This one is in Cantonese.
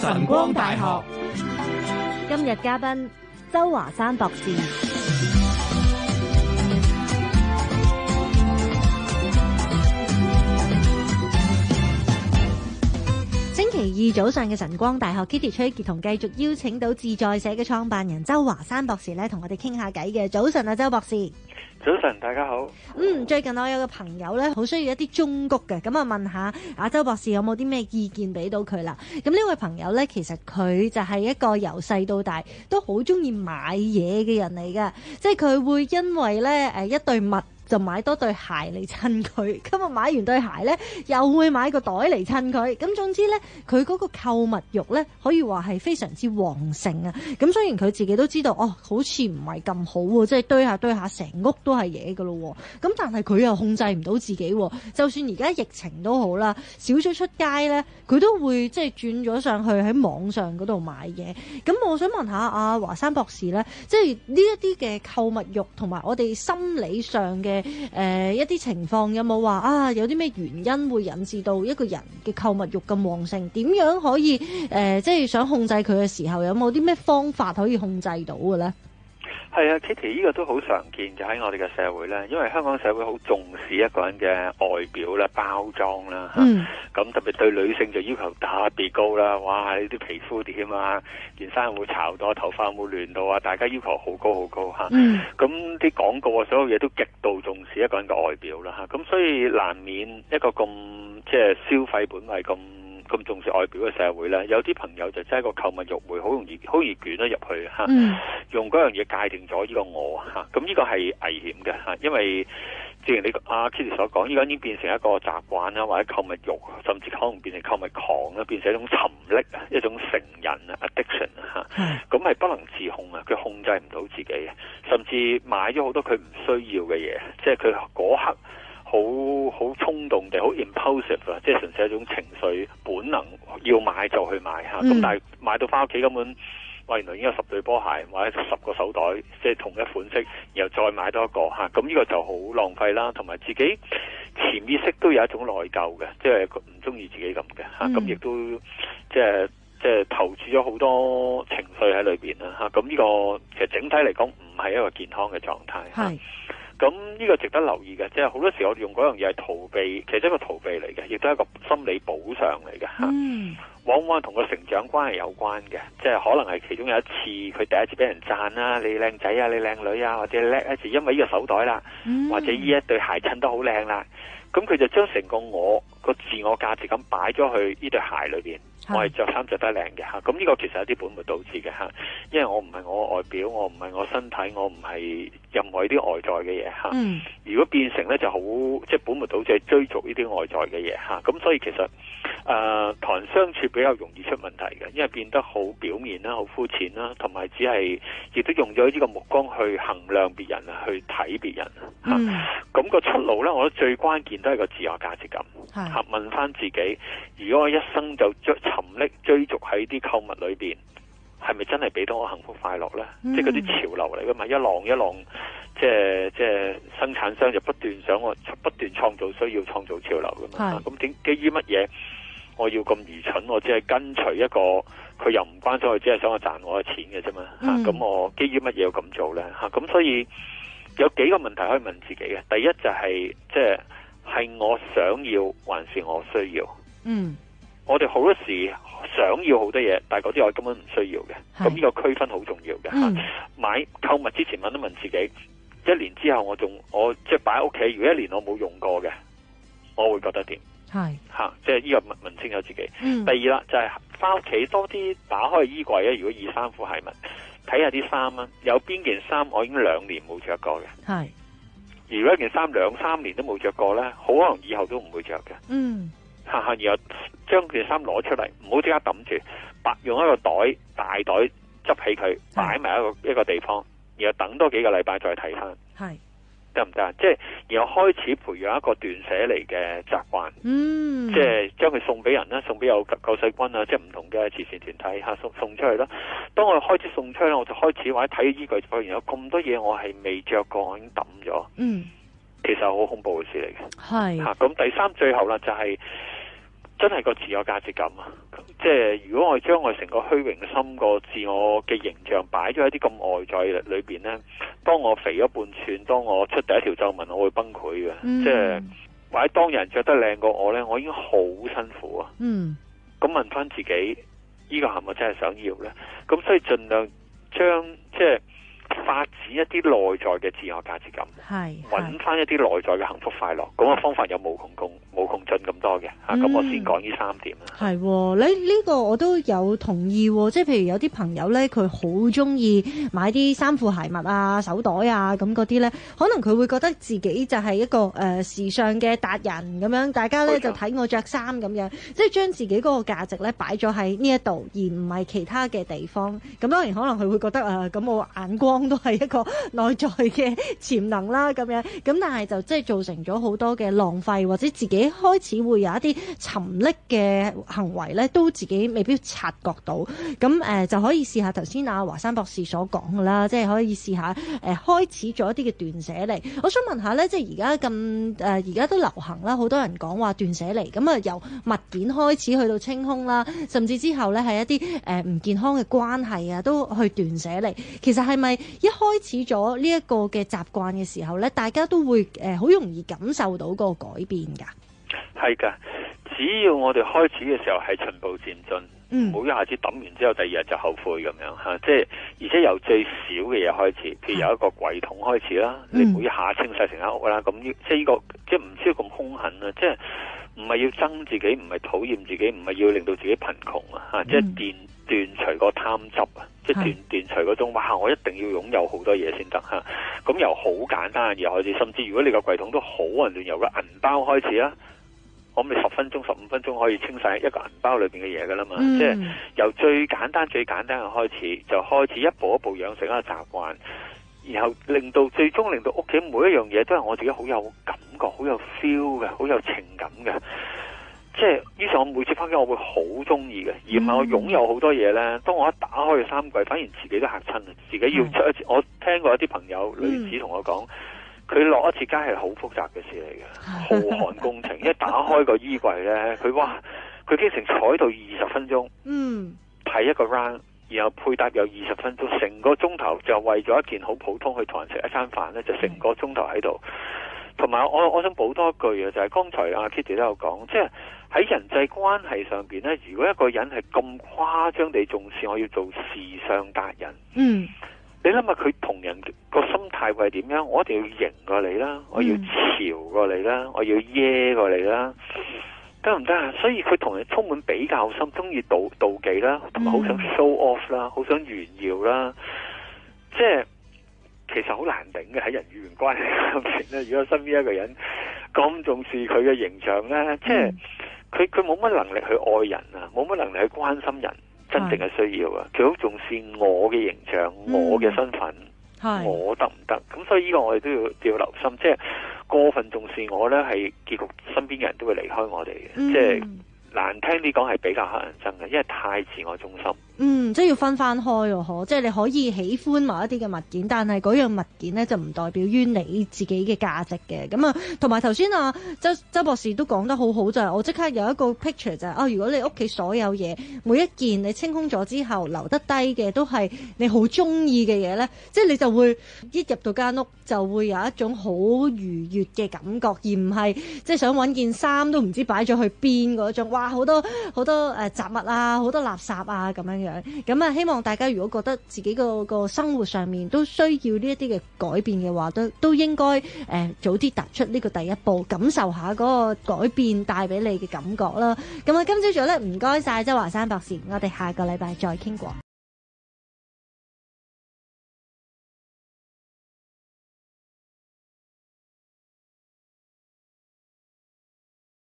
晨光大學今日嘉賓周華山博士。星期二早上嘅晨光大學，Kitty 崔杰同繼續邀請到自在社嘅創辦人周華山博士咧，同我哋傾下偈嘅。早晨啊，周博士。早晨，大家好。嗯，最近我有個朋友咧，好需要一啲忠告嘅，咁啊問下阿周博士有冇啲咩意見俾到佢啦。咁呢位朋友咧，其實佢就係一個由細到大都好中意買嘢嘅人嚟噶，即係佢會因為咧誒一對物。就買多對鞋嚟襯佢，今日買完對鞋咧，又會買個袋嚟襯佢。咁總之咧，佢嗰個購物欲咧，可以話係非常之旺盛啊。咁雖然佢自己都知道，哦，好似唔係咁好喎，即係堆下堆下，成屋都係嘢噶咯。咁但係佢又控制唔到自己，就算而家疫情都好啦，少咗出街咧，佢都會即係轉咗上去喺網上嗰度買嘢。咁我想問下阿華山博士咧，即係呢一啲嘅購物欲同埋我哋心理上嘅。誒、呃，一啲情況有冇話啊？有啲咩原因會引致到一個人嘅購物欲咁旺盛？點樣可以誒、呃，即係想控制佢嘅時候，有冇啲咩方法可以控制到嘅咧？係啊，Kitty，呢個都好常見就喺我哋嘅社會咧，因為香港社會好重視一個人嘅外表啦、包裝啦吓。咁、嗯啊、特別對女性就要求特別高啦，哇！呢啲皮膚點啊？件衫有冇潮到啊？頭髮有冇亂到啊？大家要求好高好高吓。咁啲廣告啊，嗯、啊所有嘢都極度重視一個人嘅外表啦吓。咁、啊啊、所以難免一個咁即係消費本位咁。咁重視外表嘅社會呢，有啲朋友就真係個購物慾會好容易，好易捲咗入去、mm. 用嗰樣嘢界定咗呢個我。咁呢個係危險嘅，因為正如你阿、啊、Kitty 所講，依家已經變成一個習慣啦，或者購物慾，甚至可能變成購物狂啦，變成一種沉溺啊，一種成癮啊，addiction 咁係、mm. 不能自控啊，佢控制唔到自己，甚至買咗好多佢唔需要嘅嘢，即係佢嗰刻。好好衝動地，好 impulsive 啊，即、就、係、是、純粹是一種情緒本能，要買就去買咁、嗯、但係買到翻屋企根本，原來已經有十對波鞋，或者十個手袋，即、就、係、是、同一款式，然後再買多一個嚇。咁、啊、呢個就好浪費啦。同埋自己潛意識都有一種內疚嘅，即係唔中意自己咁嘅嚇。咁、啊、亦都即係即係投注咗好多情緒喺裏面啦嚇。咁、啊、呢個其實整體嚟講唔係一個健康嘅狀態。係。咁呢個值得留意嘅，即係好多時我哋用嗰樣嘢係逃避，其實一個逃避嚟嘅，亦都係一個心理補償嚟嘅吓。嗯、往往同個成長關係有關嘅，即、就、係、是、可能係其中有一次佢第一次俾人讚啦、啊，你靚仔啊，你靚女啊，或者叻一次，因為呢個手袋啦，嗯、或者呢一對鞋襯得好靚啦，咁佢就將成個我個自我價值咁擺咗去呢對鞋裏邊。我係着衫著得靚嘅，咁呢個其實有啲本末導致嘅，因為我唔係我外表，我唔係我身體，我唔係任何一啲外在嘅嘢、嗯、如果變成呢就好，即、就、係、是、本末倒置，追逐呢啲外在嘅嘢，咁所以其實。誒同、呃、人相處比較容易出問題嘅，因為變得好表面啦、好膚淺啦，同埋只係亦都用咗呢個目光去衡量別人、睇別人、嗯、啊、去睇別人啊。咁個出路呢，我覺得最關鍵都係個自我價值感。係是、啊。問翻自己，如果我一生就追沉溺追逐喺啲購物裏邊，係咪真係俾到我幸福快樂呢？嗯、即係嗰啲潮流嚟㗎嘛，一浪一浪，即係即係生產商就不斷想我創不斷創造需要、創造潮流㗎嘛。係是。咁、啊、基於乜嘢？我要咁愚蠢，我只係跟隨一個，佢又唔關心我，只係想我賺我嘅錢嘅啫嘛。咁、mm. 啊、我基於乜嘢要咁做咧？咁、啊、所以有幾個問題可以問自己嘅。第一就係、是，即、就、係、是、我想要還是我需要？嗯，mm. 我哋好多時想要好多嘢，但係嗰啲我根本唔需要嘅。咁呢是、啊，這個區分好重要嘅。Mm. 買、購物之前問一問自己，一年之後我仲我即係擺喺屋企，如果一年我冇用過嘅，我會覺得點？係吓，即係呢個問問清楚自己。嗯、第二啦，就係翻屋企多啲打開衣櫃咧、啊。如果二衫褲鞋襪，睇下啲衫啦，有邊件衫我已經兩年冇着過嘅。係是，而如果一件衫兩三年都冇着過咧，好可能以後都唔會着嘅。嗯，吓，然後將件衫攞出嚟，唔好即刻抌住，白用一個袋大袋執起佢，擺埋一個是一個地方，然後等多幾個禮拜再睇翻。係。得唔得啊？即係、就是、然後開始培養一個斷捨離嘅習慣，即係將佢送俾人啦，送俾有救世軍啊，即係唔同嘅慈善團體吓送送出去啦。當我開始送出去咧，我就開始或者看這話睇衣櫃，發現有咁多嘢我係未着過，我已經抌咗。嗯，其實好恐怖嘅事嚟嘅。係吓是，咁、啊、第三最後啦就係、是。真係個自我價值感啊！即係如果我將我成個虛榮心、個自我嘅形象擺咗喺啲咁外在裏邊呢，當我肥咗半寸，當我出第一條皺紋，我會崩潰嘅。嗯、即係或者當人着得靚過我呢，我已經好辛苦啊！咁、嗯、問翻自己，呢、這個係咪真係想要呢？」咁所以盡量將即係發展一啲內在嘅自我價值感，揾翻一啲內在嘅幸福快樂。咁、那個方法有冇共通？冇窮盡咁多嘅，吓、嗯，咁我先講呢三點啦。喎、哦，你呢個我都有同意，哦，即係譬如有啲朋友咧，佢好中意買啲衫褲鞋襪啊、手袋啊，咁嗰啲咧，可能佢會覺得自己就係一個誒、呃、時尚嘅達人咁樣，大家咧就睇我着衫咁樣，錯即係將自己嗰個價值咧擺咗喺呢一度，而唔係其他嘅地方。咁當然可能佢會覺得誒咁、呃、我眼光都係一個內在嘅潛能啦，咁樣，咁但係就即係造成咗好多嘅浪費或者自己。一開始會有一啲沉溺嘅行為咧，都自己未必察覺到。咁誒、呃，就可以試下頭先阿華山博士所講噶啦，即係可以試下誒、呃，開始咗一啲嘅斷捨離。我想問下咧，即係而家咁誒，而家都流行啦，好多人講話斷捨離。咁啊，由物件開始去到清空啦，甚至之後咧係一啲誒唔健康嘅關係啊，都去斷捨離。其實係咪一開始咗呢一個嘅習慣嘅時候咧，大家都會誒好容易感受到個改變噶？係噶，只要我哋開始嘅時候係循步漸進，唔好、嗯、一下子抌完之後第二日就後悔咁樣吓、啊，即係而且由最少嘅嘢開始，譬如有一個櫃桶開始啦，嗯、你唔好一下清晒成間屋啦，咁即係、這、呢個即係唔需要咁凶狠啊，即係唔係要憎自己，唔係討厭自己，唔係要令到自己貧窮啊，吓，即係斷斷除個貪執啊，即係斷斷除嗰種哇，我一定要擁有好多嘢先得吓，咁、啊、由好簡單嘅嘢開始，甚至如果你個櫃桶都好混亂，由個銀包開始啦。我咪十分鐘、十五分鐘可以清曬一個銀包裏面嘅嘢噶啦嘛，mm. 即係由最簡單、最簡單嘅開始，就開始一步一步養成一個習慣，然後令到最終令到屋企每一樣嘢都係我自己好有感覺、好有 feel 嘅、好有情感嘅。即係於是，我每次翻屋企，我會好中意嘅，mm. 而唔係我擁有好多嘢咧。當我一打開嘅衫櫃，反而自己都嚇親啦，自己要出。Mm. 我聽過一啲朋友類似同我講。Mm. 佢落一次街係好複雜嘅事嚟嘅，浩瀚工程。 一打開個衣櫃呢，佢哇，佢經常坐到二十分鐘，嗯，睇一個 round，然後配搭有二十分鐘，成個鐘頭就為咗一件好普通去同人食一餐飯呢，就成個鐘頭喺度。同埋、嗯、我我想補多一句啊，就係、是、剛才阿 Kitty 都有講，即係喺人際關係上面呢，如果一個人係咁誇張地重視我要做時尚達人，嗯。你諗下佢同人個心態會係點樣？我一定要贏過你啦，我要潮過你啦，嗯，我要耶過你啦，得唔得啊？所以佢同人充滿比較心，中意妒妒忌啦，同埋好想 show off 啦，好想炫耀啦。即係其實好難頂嘅喺人與人關係方面咧。如果身邊一個人咁重視佢嘅形象咧，即係佢佢冇乜能力去愛人啊，冇乜能力去關心人。真正嘅需要啊，佢是好重視我嘅形象、嗯、我嘅身份、是我得唔得？咁所以呢個我哋都要都要留心，即、就、係、是、過分重視我咧，係結局身邊嘅人都會離開我哋嘅。即係、嗯就是、難聽啲講，係比較乞人憎嘅，因為太自我中心。嗯，即係要分翻開喎，即係你可以喜歡某一啲嘅物件，但係嗰樣物件咧就唔代表於你自己嘅價值嘅。咁啊，同埋頭先啊，周周博士都講得好好就係，我即刻有一個 picture 就係，哦，如果你屋企所有嘢每一件你清空咗之後留得低嘅都係你好中意嘅嘢咧，即係你就會一入到間屋就會有一種好愉悅嘅感覺，而唔係即係想揾件衫都唔知擺咗去邊嗰種。哇，好多好多誒雜物啊，好多垃圾啊咁樣嘅。咁啊，希望大家如果覺得自己個個生活上面都需要呢一啲嘅改變嘅話，都都應該誒早啲踏出呢個第一步，感受下嗰個改變帶俾你嘅感覺啦。咁啊，今朝早咧，唔該晒，周華山博士，我哋下個禮拜再傾過。